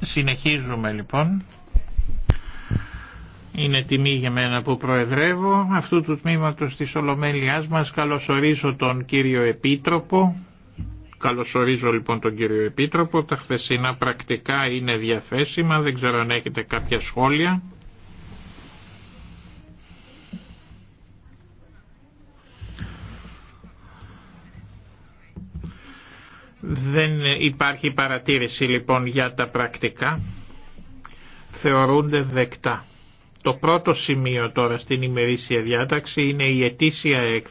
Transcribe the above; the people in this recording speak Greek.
Συνεχίζουμε λοιπόν. Είναι τιμή για μένα που προεδρεύω αυτού του τμήματος της Ολομέλειάς μας. Καλωσορίζω τον κύριο Επίτροπο. Καλωσορίζω λοιπόν τον κύριο Επίτροπο. Τα χθεσινά πρακτικά είναι διαθέσιμα. Δεν ξέρω αν έχετε κάποια σχόλια. Δεν υπάρχει παρατήρηση λοιπόν για τα πρακτικά. Θεωρούνται δεκτά. Το πρώτο σημείο τώρα στην ημερήσια διάταξη είναι η ετήσια έκθεση.